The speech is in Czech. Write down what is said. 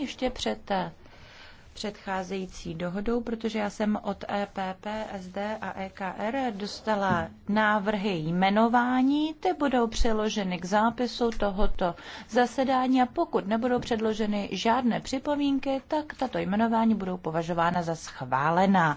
ještě před eh, předcházející dohodou, protože já jsem od EPP, SD a EKR dostala návrhy jmenování, ty budou přeloženy k zápisu tohoto zasedání a pokud nebudou předloženy žádné připomínky, tak tato jmenování budou považována za schválená.